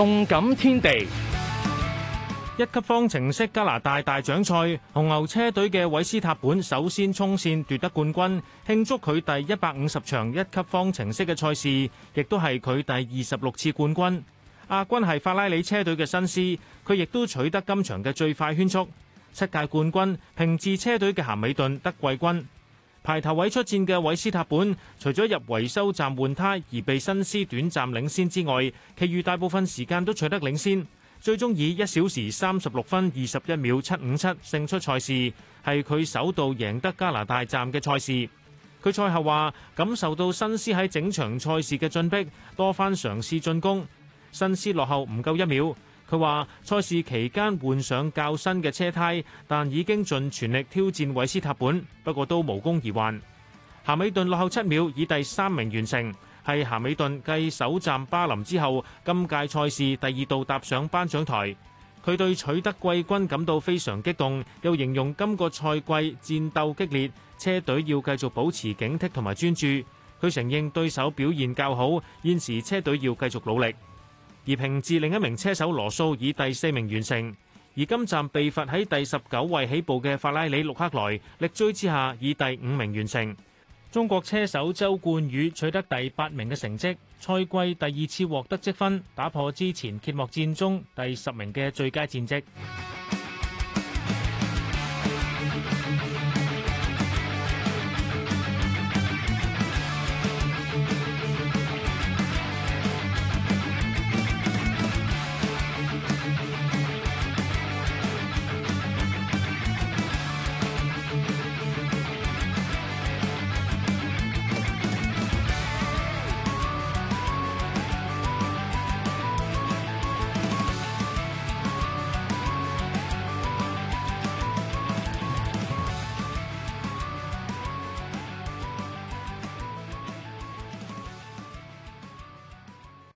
動感天地，一級方程式加拿大大獎賽，紅牛車隊嘅韋斯塔本首先衝線，奪得冠軍，慶祝佢第一百五十場一級方程式嘅賽事，亦都係佢第二十六次冠軍。亞軍係法拉利車隊嘅辛斯，佢亦都取得今場嘅最快圈速。七屆冠軍、平治車隊嘅咸美頓得季軍。排頭位出戰嘅韋斯塔本，除咗入維修站換胎而被辛斯短暫領先之外，其餘大部分時間都取得領先，最終以一小時三十六分二十一秒七五七勝出賽事，係佢首度贏得加拿大站嘅賽事。佢賽後話感受到辛斯喺整場賽事嘅進逼，多番嘗試進攻，辛斯落後唔夠一秒。佢話：賽事期間換上較新嘅車胎，但已經盡全力挑戰韋斯塔本，不過都無功而還。咸美頓落後七秒，以第三名完成，係咸美頓繼首站巴林之後，今屆賽事第二度踏上頒獎台。佢對取得季軍感到非常激動，又形容今個賽季戰鬥激烈，車隊要繼續保持警惕同埋專注。佢承認對手表現較好，現時車隊要繼續努力。而平治另一名車手羅素以第四名完成，而今站被罰喺第十九位起步嘅法拉利陸克萊力追之下，以第五名完成。中國車手周冠宇取得第八名嘅成績，賽季第二次獲得積分，打破之前揭幕戰中第十名嘅最佳戰績。